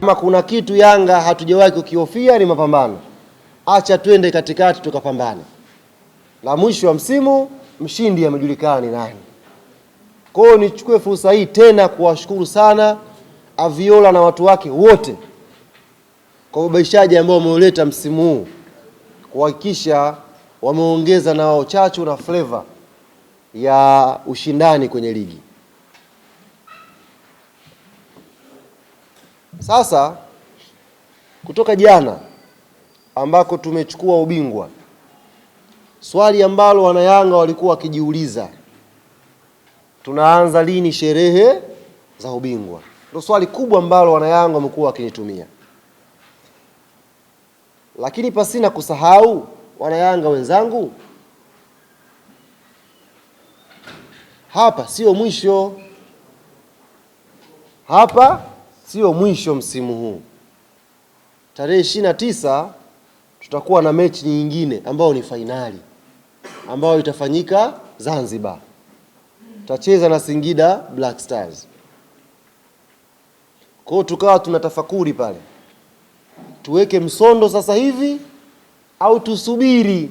Kama kuna kitu Yanga hatujawahi kukihofia ni mapambano. Acha twende katikati tukapambane, la mwisho wa msimu mshindi amejulikana ni nani. Kwa hiyo nichukue fursa hii tena kuwashukuru sana Aviola na watu wake wote kwa ubaishaji ambao wameuleta msimu huu, kuhakikisha wameongeza na wao chachu na flavor ya ushindani kwenye ligi. Sasa kutoka jana ambako tumechukua ubingwa, swali ambalo wanayanga walikuwa wakijiuliza, tunaanza lini sherehe za ubingwa? Ndio swali kubwa ambalo wanayanga wamekuwa wakinitumia, lakini pasina kusahau wanayanga wenzangu, hapa sio mwisho, hapa sio mwisho msimu huu. Tarehe ishirini na tisa tutakuwa na mechi nyingine ambayo ni fainali ambayo itafanyika Zanzibar, tutacheza na Singida Black Stars. Kwa hiyo tukawa tuna tafakuri pale, tuweke msondo sasa hivi au tusubiri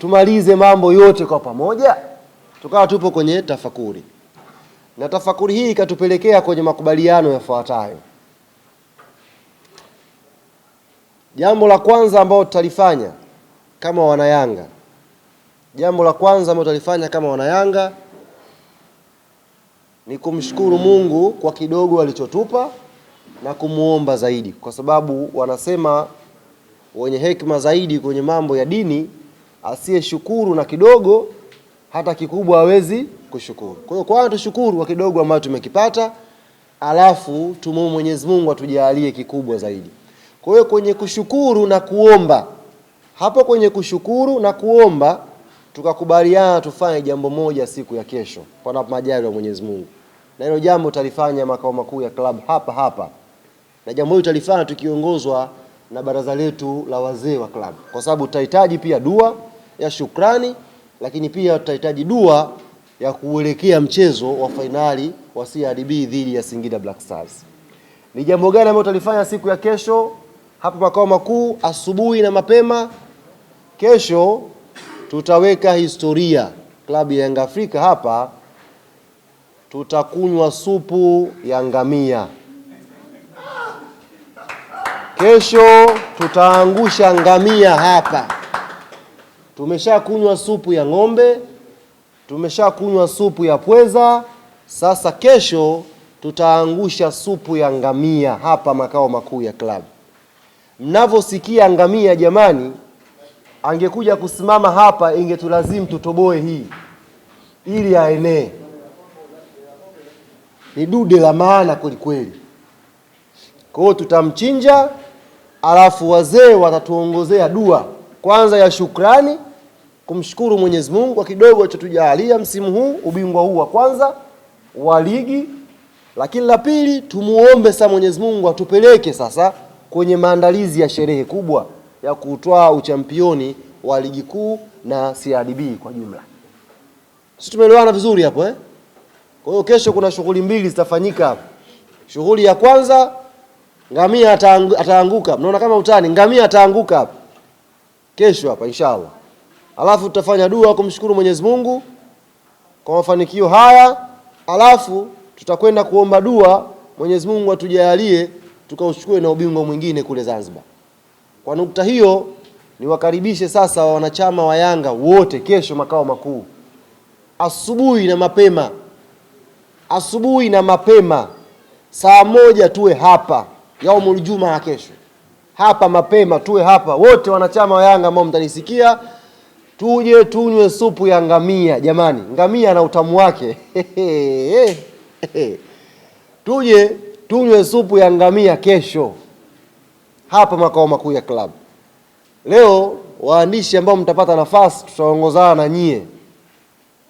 tumalize mambo yote kwa pamoja? Tukawa tupo kwenye tafakuri na tafakuri hii ikatupelekea kwenye makubaliano yafuatayo. Jambo la kwanza ambalo tutalifanya kama wanayanga, jambo la kwanza ambalo tutalifanya kama wanayanga ni kumshukuru Mungu kwa kidogo alichotupa na kumwomba zaidi, kwa sababu wanasema wenye hekima zaidi kwenye mambo ya dini, asiyeshukuru na kidogo hata kikubwa hawezi kushukuru. Kwa hiyo kwanza tushukuru kwa kidogo ambacho tumekipata, alafu tumuombe Mwenyezi Mungu atujalie kikubwa zaidi. Kwa hiyo kwenye kushukuru na kuomba, hapo kwenye kushukuru na kuomba tukakubaliana tufanye jambo moja siku ya kesho, panapo majali ya Mwenyezi Mungu, na hilo jambo utalifanya makao makuu ya klabu hapa hapa, na jambo hilo utalifanya tukiongozwa na baraza letu la wazee wa klabu, kwa sababu tutahitaji pia dua ya shukrani lakini pia tutahitaji dua ya kuelekea mchezo wa fainali wa CRDB dhidi ya Singida Black Stars. Ni jambo gani ambalo tutalifanya siku ya kesho hapa makao makuu asubuhi na mapema? Kesho tutaweka historia, klabu ya Yanga Afrika hapa tutakunywa supu ya ngamia. Kesho tutaangusha ngamia hapa. Tumeshakunywa supu ya ng'ombe, tumeshakunywa supu ya pweza. Sasa kesho tutaangusha supu ya ngamia hapa makao makuu ya klabu. Mnavyosikia ngamia, jamani, angekuja kusimama hapa ingetulazimu tutoboe hii ili aenee. Ni dude la maana kwelikweli kweli. Kwa hiyo tutamchinja, alafu wazee watatuongozea dua kwanza ya shukrani kumshukuru Mwenyezi Mungu kwa kidogo alichotujalia msimu huu, ubingwa huu wa kwanza wa ligi, lakini la pili tumuombe sasa Mwenyezi Mungu atupeleke sasa kwenye maandalizi ya sherehe kubwa ya kutwaa uchampioni wa ligi kuu na CRDB kwa jumla. Sisi tumeelewana vizuri hapo eh? Kwa hiyo kesho kuna shughuli mbili zitafanyika hapo. Shughuli ya kwanza ngamia ataanguka. Mnaona kama utani, ngamia ataanguka hapo. Kesho hapa inshallah alafu tutafanya dua kumshukuru Mwenyezi Mungu kwa mafanikio haya, alafu tutakwenda kuomba dua Mwenyezi Mungu atujalie tukauchukue na ubingwa mwingine kule Zanzibar. Kwa nukta hiyo, niwakaribishe sasa wa wanachama wa Yanga wote kesho makao makuu asubuhi na mapema, asubuhi na mapema saa moja tuwe hapa yaumul jumaa kesho, hapa mapema tuwe hapa wote wanachama wa Yanga ambao mtanisikia tuje tunywe supu ya ngamia. Jamani, ngamia na utamu wake tuje tunywe supu ya ngamia kesho hapa makao makuu ya klabu. Leo waandishi ambao mtapata nafasi, tutaongozana na nyie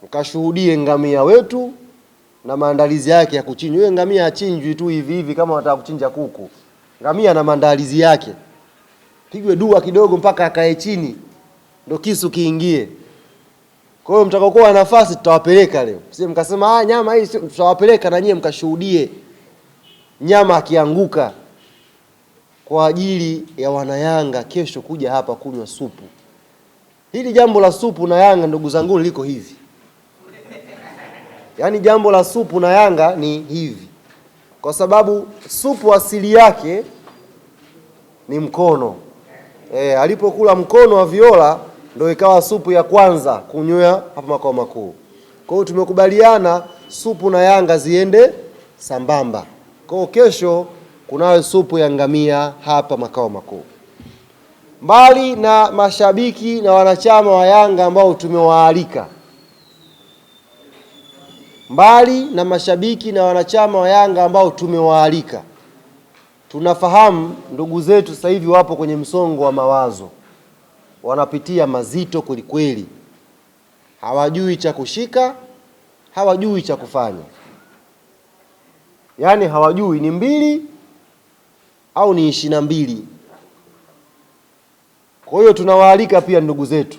mkashuhudie ngamia wetu na maandalizi yake ya kuchinja. Yule ngamia achinjwi tu hivi hivi kama wanataka kuchinja kuku. Ngamia na maandalizi yake, pigwe dua kidogo mpaka akae chini ndo kisu kiingie. Kwa hiyo mtakaokuwa na nafasi tutawapeleka leo, Sisi mkasema ah, nyama hii tutawapeleka na nyie mkashuhudie nyama akianguka, kwa ajili ya wanayanga kesho kuja hapa kunywa supu. Hili jambo la supu na Yanga, ndugu zangu, liko hivi, yaani jambo la supu na Yanga ni hivi, kwa sababu supu asili yake ni mkono e, alipokula mkono wa Viola ndio ikawa supu ya kwanza kunywea hapa makao makuu. Kwa hiyo tumekubaliana supu na Yanga ziende sambamba. Kwa hiyo kesho kunayo supu ya ngamia hapa makao makuu. Mbali na mashabiki na wanachama wa Yanga ambao tumewaalika, mbali na mashabiki na wanachama wa Yanga ambao tumewaalika, tunafahamu ndugu zetu sasa hivi wapo kwenye msongo wa mawazo wanapitia mazito kwelikweli, hawajui cha kushika, hawajui cha kufanya, yaani hawajui ni mbili au ni ishirini na mbili. Kwa hiyo tunawaalika pia ndugu zetu,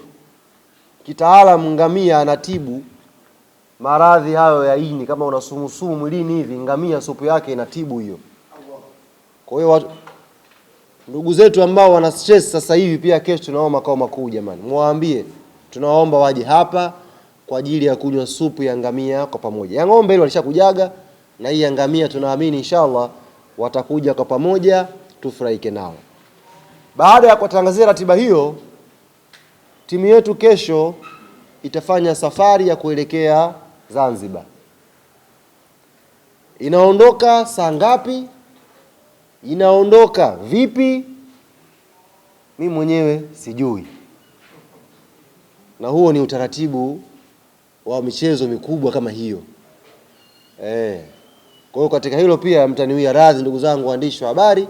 kitaalamu ngamia anatibu maradhi hayo ya ini. Kama unasumusumu mwilini hivi, ngamia supu yake inatibu hiyo. Kwa hiyo ndugu zetu ambao wana stress sasa hivi, pia kesho tunao makao makuu. Jamani, mwaambie tunawaomba waje hapa kwa ajili ya kunywa supu ya ngamia kwa pamoja. Ya ng'ombe ile walishakujaga na hii ya ngamia, tunaamini inshallah watakuja kwa pamoja, tufurahike nao. Baada ya kuwatangazia ratiba hiyo, timu yetu kesho itafanya safari ya kuelekea Zanzibar. Inaondoka saa ngapi? inaondoka vipi? Mi mwenyewe sijui, na huo ni utaratibu wa michezo mikubwa kama hiyo eh. Kwa hiyo katika hilo pia mtaniwia radhi, ndugu zangu waandishi wa habari,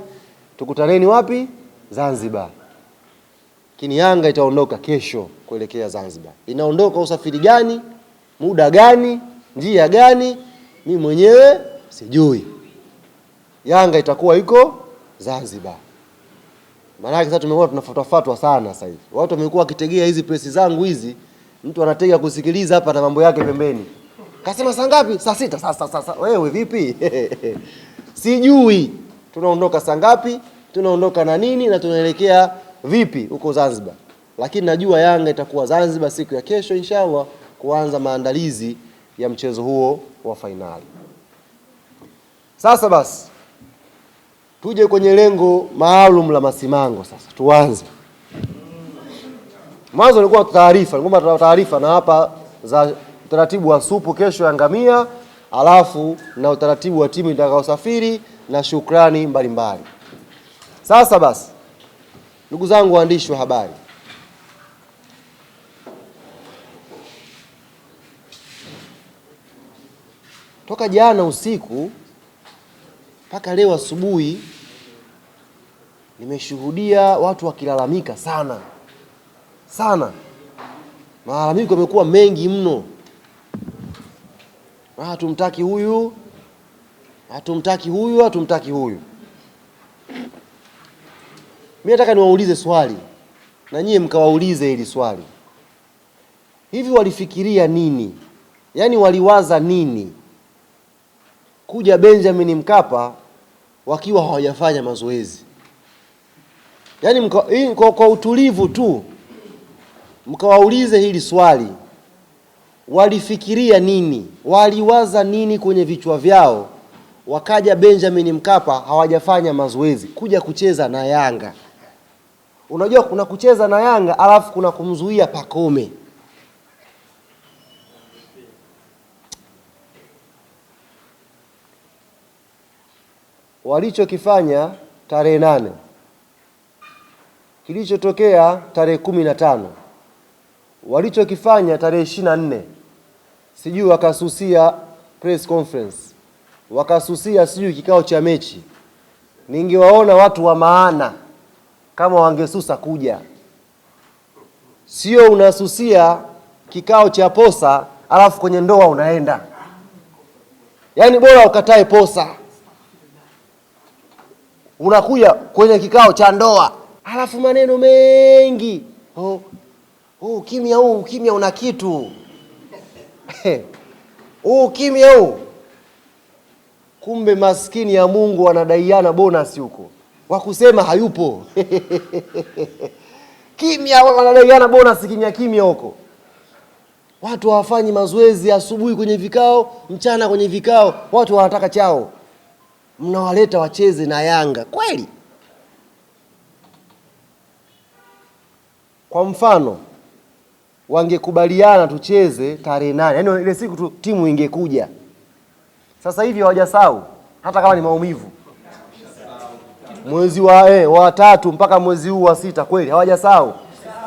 tukutaneni wapi? Zanzibar. Lakini Yanga itaondoka kesho kuelekea Zanzibar. Inaondoka usafiri gani, muda gani, njia gani? Mi mwenyewe sijui. Yanga itakuwa iko Zanzibar. Maanake sasa tumekuwa tunafuatafuatwa sana sasa hivi. Watu wamekuwa wakitegea hizi presi zangu hizi, mtu anatega kusikiliza hapa na mambo yake pembeni. Kasema saa ngapi? Saa sita. Sasa sasa wewe vipi? Sijui tunaondoka saa ngapi, tunaondoka na nini na tunaelekea vipi huko Zanzibar. Lakini najua Yanga itakuwa Zanzibar siku ya kesho inshallah kuanza maandalizi ya mchezo huo wa fainali. Sasa basi Tuje kwenye lengo maalum la Masimango sasa, tuanze mwanzo. Nilikuwa taarifa, nilikuwa taarifa na hapa za utaratibu wa supu kesho ya ngamia, alafu na utaratibu wa timu itakayosafiri na shukrani mbalimbali mbali. Sasa basi, ndugu zangu waandishi wa habari, toka jana usiku mpaka leo asubuhi nimeshuhudia watu wakilalamika sana sana, malalamiko yamekuwa mengi mno. Hatumtaki huyu, hatumtaki huyu, hatumtaki huyu. Mimi nataka niwaulize swali na nyie mkawaulize hili swali, hivi walifikiria nini? Yaani waliwaza nini kuja Benjamin Mkapa wakiwa hawajafanya mazoezi, yaani mka, kwa, kwa utulivu tu mkawaulize hili swali, walifikiria nini, waliwaza nini kwenye vichwa vyao, wakaja Benjamin Mkapa hawajafanya mazoezi kuja kucheza na Yanga. Unajua kuna kucheza na Yanga alafu kuna kumzuia Pakome. walichokifanya tarehe nane kilichotokea tarehe kumi na tano walichokifanya tarehe ishirini na nne sijui wakasusia press conference, wakasusia sijui kikao cha mechi. Ningewaona watu wa maana kama wangesusa kuja, sio unasusia kikao cha posa alafu kwenye ndoa unaenda. Yaani bora ukatae posa unakuja kwenye kikao cha ndoa halafu maneno mengi oh, oh, kimya huu oh, ukimya una kitu huu oh, kimya huu oh. kumbe maskini ya mungu wanadaiana bonus huko wakusema hayupo kimya wanadaiana bonus kimya kimya huko watu hawafanyi mazoezi asubuhi kwenye vikao mchana kwenye vikao watu wanataka chao mnawaleta wacheze na Yanga kweli? Kwa mfano wangekubaliana tucheze tarehe nane, yaani ile siku tu timu ingekuja. Sasa hivi hawajasahau hata kama ni maumivu mwezi wa, eh, wa tatu mpaka mwezi huu wa sita, kweli hawajasahau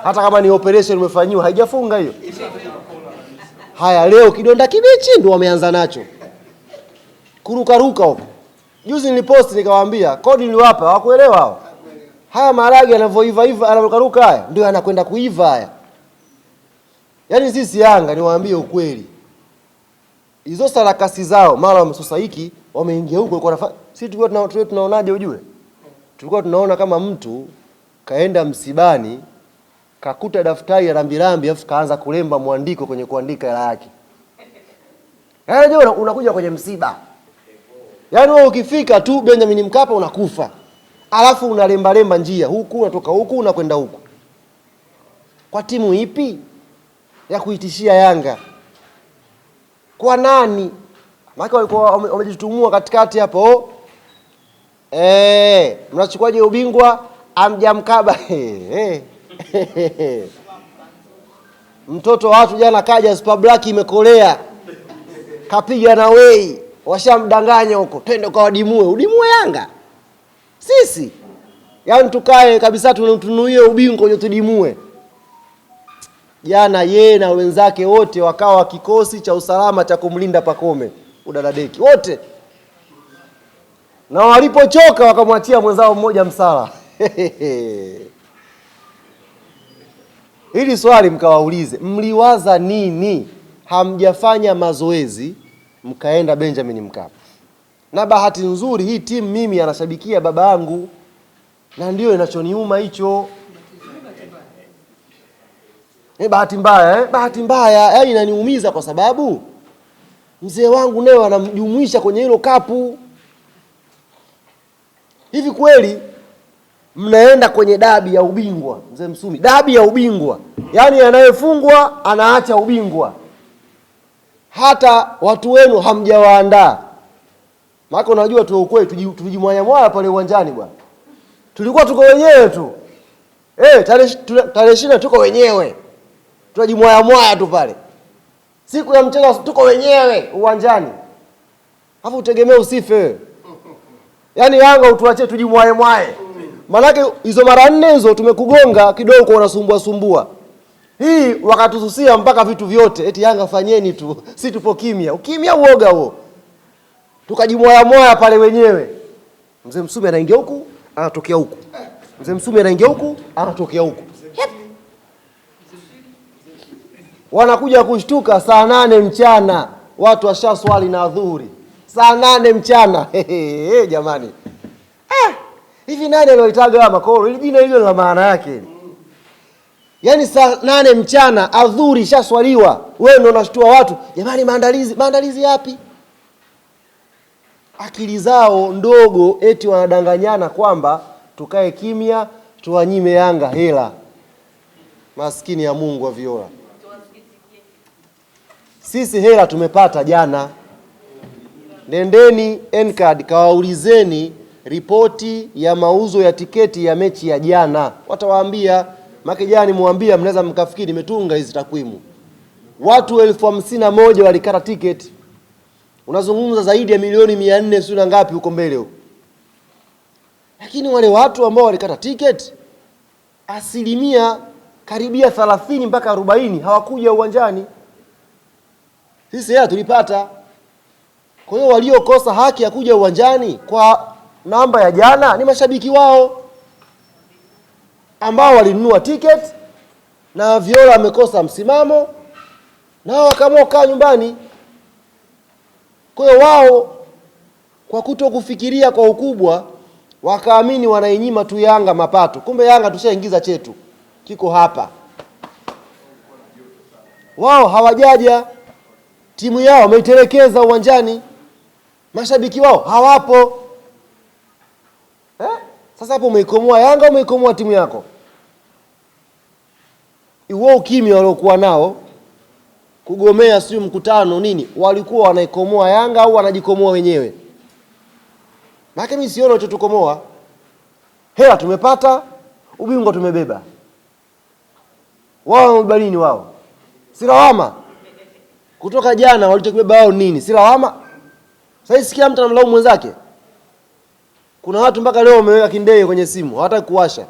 hata kama ni operation umefanyiwa haijafunga hiyo. Haya, leo kidonda kibichi ndio wameanza nacho kurukaruka huko. Juzi nilipost nikawaambia, kodi niliwapa, hawakuelewa hao. Haya maharage yanavyoiva iva yanarukaruka haya ndio yanakwenda kuiva haya. Yaani sisi Yanga niwaambie ukweli. Hizo sarakasi zao mara wamesusa hiki, wameingia huko kwa nafasi. Sisi tulikuwa tuna tunaonaje ujue? Tulikuwa tunaona kama mtu kaenda msibani kakuta daftari ya rambirambi afu kaanza kulemba mwandiko kwenye kuandika hela yake. Yaani unakuja kwenye msiba Yaani wewe ukifika tu Benjamin Mkapa unakufa, alafu unalembalemba njia huku unatoka huku unakwenda huku, kwa timu ipi ya kuitishia Yanga? Kwa nani? Maana walikuwa wamejitumua katikati hapo eh, mnachukuaje ubingwa amjamkaba mtoto wa watu. Jana kaja super black imekolea, kapiga na wei washamdanganya huko, twende wadimue Udimue Yanga sisi, yaani tukae kabisa tunuie ubingwa uje tudimue. Jana yeye na wenzake wote wakawa kikosi cha usalama cha kumlinda Pakome udadadeki wote, na walipochoka wakamwachia mwenzao mmoja msala. Hili swali mkawaulize, mliwaza nini? Hamjafanya mazoezi mkaenda Benjamin Mkapa, na bahati nzuri hii timu mimi anashabikia babangu, na ndio inachoniuma hicho. Eh, bahati mbaya eh? bahati mbaya yaani, inaniumiza kwa sababu mzee wangu naye wanamjumuisha kwenye hilo kapu. Hivi kweli mnaenda kwenye dabi ya ubingwa, mzee Msumi, dabi ya ubingwa, yaani anayefungwa anaacha ubingwa hata watu wenu hamjawaandaa. Maana unajua tu ukweli, mwaya pale uwanjani bwana, tulikuwa tuko wenyewe tu eh, tarehe ishirini tuko wenyewe, tunajimwayamwaya tu pale siku ya mchezo, tuko wenyewe uwanjani, alafu utegemee usife. Yaani Yanga utuachie tujimwayemwaye, maanake hizo mara nne hizo tumekugonga kidogo, unasumbua sumbua hii wakatususia mpaka vitu vyote, eti Yanga fanyeni tu, si tupo kimya. Ukimya uoga huo, tukajimwaya mwaya pale wenyewe. Mzee Msumi anaingia huku anatokea huku, mzee Msumi anaingia huku anatokea huku, wanakuja kushtuka saa nane mchana, watu washa swali na adhuhuri saa nane mchana. Jamani, eh, hivi nani alioitaga makoro? Ili jina hilo la maana yake yaani saa nane mchana adhuri ishaswaliwa, wewe ndio unashtua watu, jamani, maandalizi maandalizi yapi? Akili zao ndogo, eti wanadanganyana kwamba tukae kimya tuwanyime Yanga hela. Maskini ya Mungu wa viola, sisi hela tumepata jana. Nendeni Ncard kawaulizeni ripoti ya mauzo ya tiketi ya mechi ya jana, watawaambia Maki jana muambia, mnaweza mkafikiri nimetunga hizi takwimu, watu elfu hamsini na moja walikata tiketi. Unazungumza zaidi ya milioni mia nne sio na ngapi huko mbele huko, lakini wale watu ambao walikata tiketi asilimia karibia thalathini mpaka arobaini hawakuja uwanjani. Sisi hela tulipata. Kwa hiyo waliokosa haki ya kuja uwanjani kwa namba ya jana ni mashabiki wao ambao walinunua tiketi na Viola amekosa msimamo, nao wakaamua kukaa nyumbani. Kwa wao kwa kuto kufikiria kwa ukubwa, wakaamini wanainyima tu Yanga mapato, kumbe Yanga tushaingiza chetu kiko hapa. Wao hawajaja, timu yao wameitelekeza uwanjani, mashabiki wao hawapo eh? Sasa hapo umeikomoa Yanga, umeikomoa timu yako iwo ukimya waliokuwa nao kugomea, sio mkutano nini, walikuwa wanaikomoa Yanga au wanajikomoa wenyewe? Maana mimi siona chotukomoa. Hela tumepata, ubingwa tumebeba, wao nini wao si lawama kutoka jana walichokibeba wao nini? Si lawama. Sasa sikia mtu anamlaumu mwenzake. Kuna watu mpaka leo wameweka kindege kwenye simu hawataki kuwasha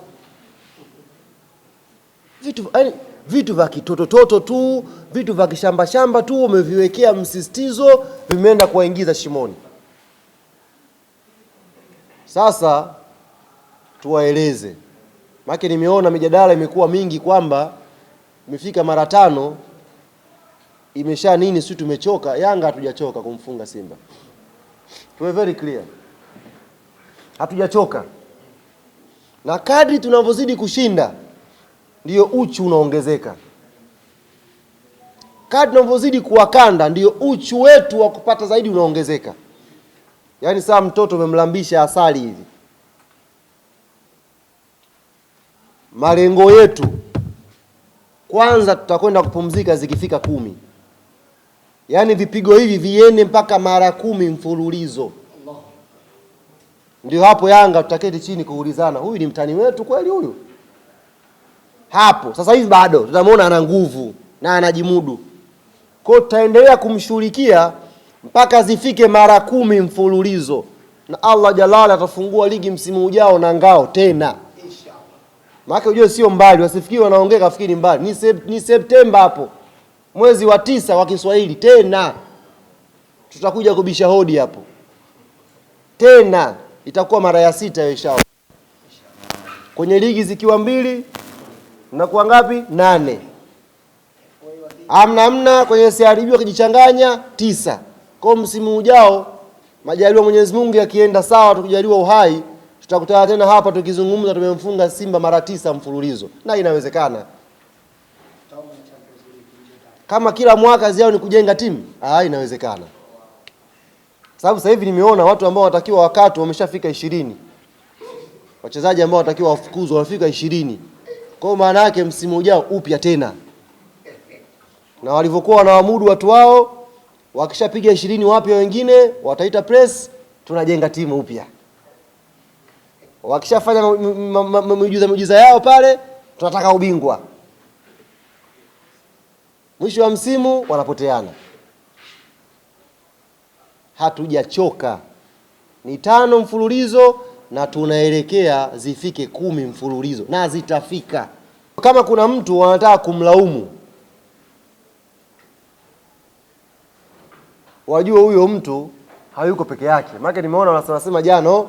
vitu yani, vitu vya kitotototo tu, vitu vya kishambashamba tu, umeviwekea msisitizo, vimeenda kuwaingiza shimoni. Sasa tuwaeleze, maana nimeona mijadala imekuwa mingi kwamba imefika mara tano imesha nini, si tumechoka. Yanga hatujachoka kumfunga Simba, tuwe very clear, hatujachoka na kadri tunavyozidi kushinda ndio uchu unaongezeka. kadi unavyozidi kuwakanda, ndio uchu wetu wa kupata zaidi unaongezeka. Yaani saa mtoto umemlambisha asali hivi. Malengo yetu kwanza, tutakwenda kupumzika zikifika kumi, yaani vipigo hivi viende mpaka mara kumi mfululizo ndio hapo Yanga tutaketi chini kuulizana, huyu ni mtani wetu kweli huyu? hapo. Sasa hivi bado tutamwona ana nguvu na anajimudu, kwa tutaendelea kumshughulikia mpaka zifike mara kumi mfululizo, na Allah jalala atafungua ligi msimu ujao na ngao tena. Maana ujue sio mbali, wasifikiri wanaongea kafikiri mbali, ni, sep, ni Septemba hapo mwezi wa tisa wa Kiswahili tena tutakuja kubisha hodi hapo tena, itakuwa mara ya sita inshallah, kwenye ligi zikiwa mbili mnakuwa ngapi? Nane. Amna amna kwenye siharibiwa kijichanganya tisa. Kwa msimu ujao majaliwa Mwenyezi Mungu yakienda sawa, tukijaliwa uhai, tutakutana tena hapa tukizungumza. Tumemfunga Simba mara tisa mfululizo na inawezekana kama kila mwaka ziao ni kujenga timu ah, inawezekana sababu sasa hivi nimeona watu ambao watakiwa wakatu wameshafika ishirini, wachezaji ambao watakiwa wafukuzwe wamefika ishirini. Kwa hiyo maana yake msimu ujao upya tena, na walivyokuwa wanaamudu watu wao, wakishapiga ishirini wapya wengine wataita press, tunajenga timu upya. Wakishafanya miujiza miujiza yao pale, tunataka ubingwa. Mwisho wa msimu wanapoteana. Hatujachoka, ni tano mfululizo na tunaelekea zifike kumi mfululizo na zitafika. Kama kuna mtu wanataka kumlaumu, wajue huyo mtu hayuko peke yake. Maana nimeona wanasema jana, oh,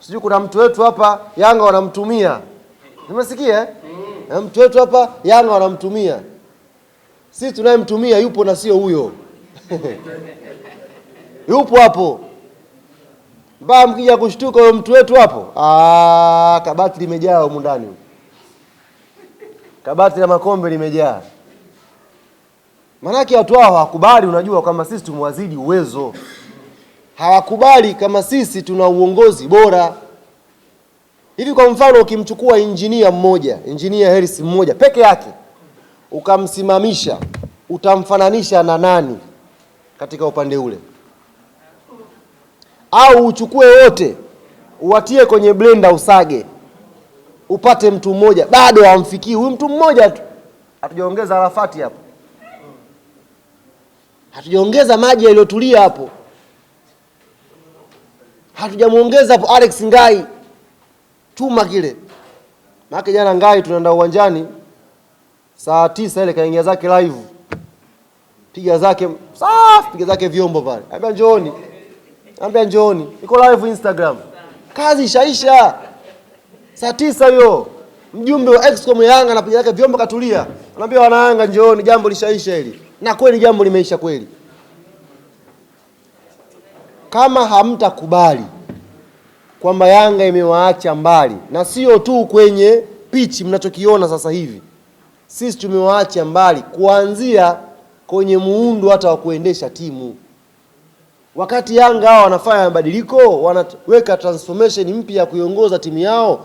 sijui kuna mtu wetu hapa Yanga wanamtumia, nimesikia eh? na mtu wetu hapa Yanga wanamtumia. Sisi tunayemtumia yupo na sio huyo yupo hapo mpaka mkija kushtuka huyo mtu wetu hapo, ah, kabati limejaa humu ndani, kabati la makombe limejaa. Maanake watu hao hawakubali, unajua kama sisi tumewazidi uwezo, hawakubali kama sisi tuna uongozi bora hivi. Kwa mfano, ukimchukua injinia mmoja, injinia Harris mmoja peke yake, ukamsimamisha, utamfananisha na nani katika upande ule? au uchukue wote uwatie kwenye blenda usage, upate mtu mmoja, bado hamfikii huyu mtu mmoja tu. Hatujaongeza arafati hapo, hatujaongeza maji yaliyotulia hapo, hatujamwongeza hapo Alex Ngai chuma kile. Maana jana Ngai tunaenda uwanjani saa tisa ile kaingia zake live, piga zake safi, piga zake vyombo pale, ambia njooni Anambia njooni, iko live Instagram. Kazi ishaisha. Saa tisa hiyo. Mjumbe wa Excom Yanga anapiga yake vyombo katulia. Anambia wana Yanga njooni, jambo lishaisha hili. Na kweli jambo limeisha kweli. Kama hamtakubali kwamba Yanga imewaacha mbali na sio tu kwenye pichi mnachokiona sasa hivi, sisi tumewaacha mbali kuanzia kwenye muundo hata wa kuendesha timu. Wakati Yanga hao wanafanya mabadiliko, wanaweka transformation mpya ya kuiongoza timu yao,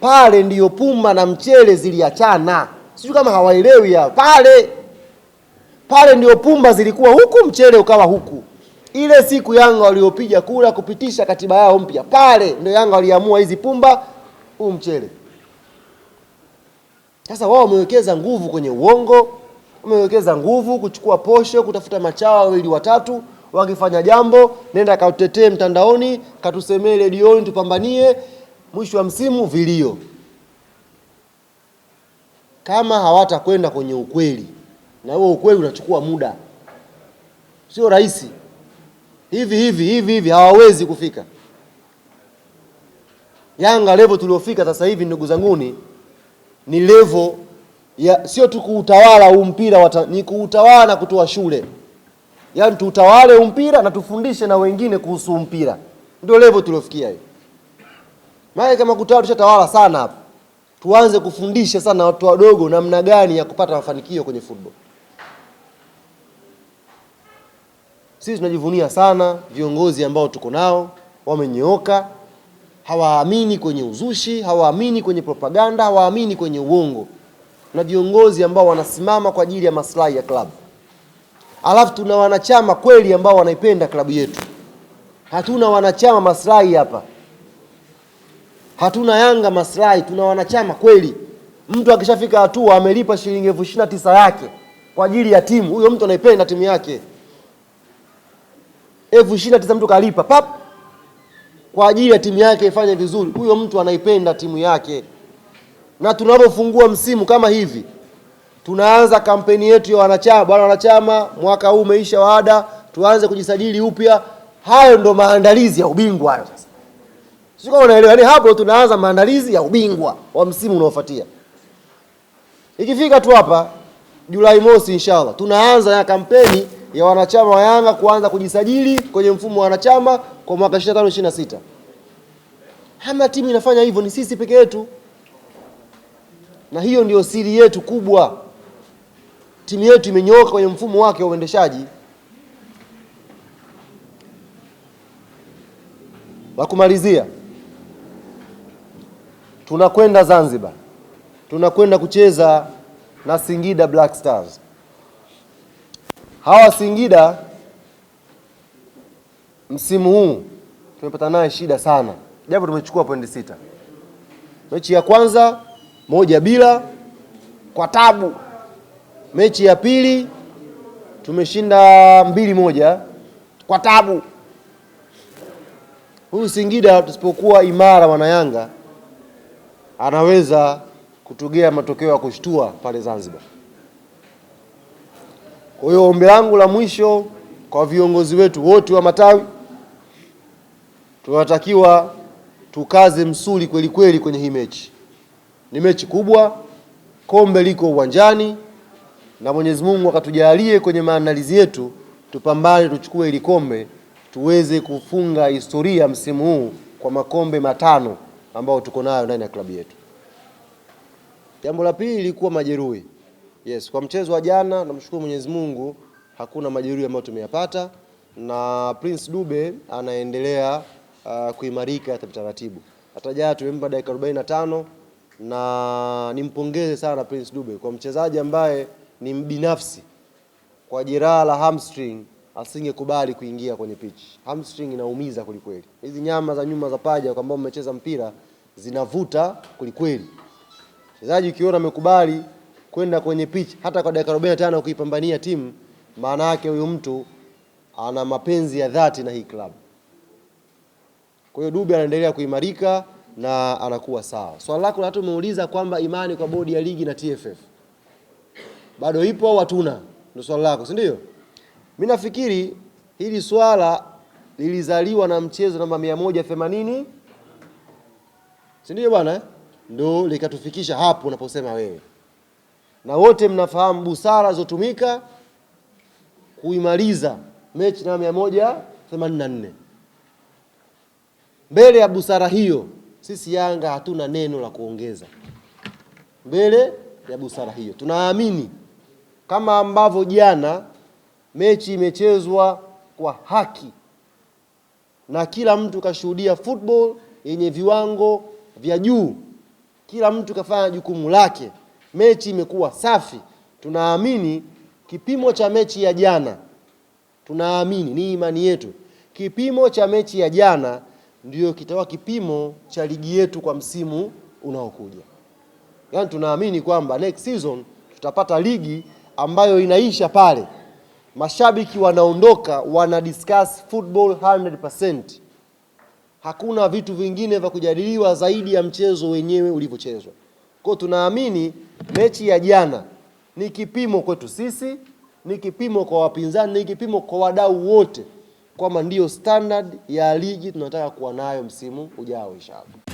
pale ndiyo pumba na mchele ziliachana. Sijui kama hawaelewi hapa. Pale pale ndiyo pumba zilikuwa huku, mchele ukawa huku. Ile siku Yanga waliopiga kura kupitisha katiba yao mpya, pale ndio Yanga waliamua hizi pumba, huu mchele. Sasa wao wamewekeza nguvu kwenye uongo, wamewekeza nguvu kuchukua posho, kutafuta machawa wawili watatu wakifanya jambo, nenda kautetee mtandaoni, katusemee redioni, tupambanie. Mwisho wa msimu vilio, kama hawatakwenda kwenye ukweli, na huo ukweli unachukua muda, sio rahisi hivi hivi hivi hivi, hawawezi kufika Yanga levo tuliofika sasa hivi, ndugu zanguni, ni levo ya sio tu kuutawala huu mpira, ni kuutawala na kutoa shule yaani tutawale mpira na tufundishe na wengine kuhusu mpira. Ndio level tuliofikia hiyo. Maana kama kutawala tushatawala sana hapo, tuanze kufundisha sana watu wadogo namna gani ya kupata mafanikio kwenye football. Sisi tunajivunia sana viongozi ambao tuko nao, wamenyooka, hawaamini kwenye uzushi, hawaamini kwenye propaganda, hawaamini kwenye uongo, na viongozi ambao wanasimama kwa ajili ya maslahi ya klabu alafu tuna wanachama kweli ambao wanaipenda klabu yetu. Hatuna wanachama maslahi hapa, hatuna Yanga maslahi, tuna wanachama kweli. Mtu akishafika hatua amelipa shilingi elfu ishirini na tisa yake kwa ajili ya timu, huyo mtu anaipenda timu yake. Elfu ishirini na tisa mtu kalipa pap kwa ajili ya timu yake ifanye vizuri, huyo mtu anaipenda timu yake. Na tunavyofungua msimu kama hivi tunaanza kampeni yetu ya wanachama. Bwana wanachama, mwaka huu umeisha wa tuanze kujisajili upya. Hayo ndo maandalizi ya ubingwa hayo. Sasa sio unaelewa, yani hapo tunaanza maandalizi ya ubingwa wa msimu unaofuatia. Ikifika tu hapa Julai mosi, inshallah tunaanza na kampeni ya wanachama wa Yanga kuanza kujisajili kwenye mfumo wa wanachama kwa mwaka 25 26. Hama timu inafanya hivyo, ni sisi peke yetu, na hiyo ndio siri yetu kubwa timu yetu imenyooka kwenye mfumo wake wa uendeshaji wa kumalizia. Tunakwenda Zanzibar, tunakwenda kucheza na Singida Black Stars. Hawa Singida msimu huu tumepata naye shida sana, japo tumechukua pointi sita. Mechi ya kwanza moja bila, kwa tabu mechi ya pili tumeshinda mbili moja kwa tabu. Huyu Singida tusipokuwa imara, wana Yanga, anaweza kutugea matokeo ya kushtua pale Zanzibar. Kwa hiyo ombi langu la mwisho kwa viongozi wetu wote wa matawi, tunatakiwa tukaze msuli kweli kweli kwenye hii mechi. Ni mechi kubwa, kombe liko uwanjani na Mwenyezi Mungu akatujalie kwenye maandalizi yetu, tupambane tuchukue ili kombe tuweze kufunga historia msimu huu kwa makombe matano ambayo tuko nayo ndani ya klabu yetu. Jambo la pili lilikuwa majeruhi. Yes, kwa mchezo wa jana namshukuru Mwenyezi Mungu hakuna majeruhi ambayo tumeyapata na Prince Dube anaendelea uh, kuimarika taratibu. Hata jana tumempa dakika 45 na nimpongeze sana Prince Dube kwa mchezaji ambaye ni mbinafsi, kwa jeraha la hamstring asingekubali kuingia kwenye pitch. Hamstring inaumiza kulikweli, hizi nyama za nyuma za paja, kwa ambao mmecheza mpira, zinavuta kulikweli. Mchezaji ukiona amekubali kwenda kwenye pitch hata kwa dakika 45 kuipambania timu, maana yake huyu mtu ana mapenzi ya dhati na hii klabu. Kwa hiyo Dube anaendelea kuimarika na anakuwa sawa. Swali so, lako la watu umeuliza kwamba imani kwa bodi ya ligi na TFF bado ipo au hatuna? Ndio swala lako, si ndio? Mimi nafikiri hili swala lilizaliwa na mchezo namba 180 si ndio bwana, eh? ndo likatufikisha hapo unaposema wewe, na wote mnafahamu busara zilizotumika kuimaliza mechi namba 184. Mbele ya busara hiyo sisi Yanga hatuna neno la kuongeza. Mbele ya busara hiyo tunaamini kama ambavyo jana mechi imechezwa kwa haki na kila mtu kashuhudia football yenye viwango vya juu, kila mtu kafanya jukumu lake, mechi imekuwa safi. Tunaamini kipimo cha mechi ya jana, tunaamini ni imani yetu, kipimo cha mechi ya jana ndiyo kitakuwa kipimo cha ligi yetu kwa msimu unaokuja. Yaani tunaamini kwamba next season tutapata ligi ambayo inaisha pale, mashabiki wanaondoka, wana discuss football 100%. Hakuna vitu vingine vya kujadiliwa zaidi ya mchezo wenyewe ulivyochezwa. Kwa tunaamini mechi ya jana ni kipimo kwetu sisi, ni kipimo kwa wapinzani, ni kipimo kwa wadau wote, kwamba ndiyo standard ya ligi tunataka kuwa nayo msimu ujao inshallah.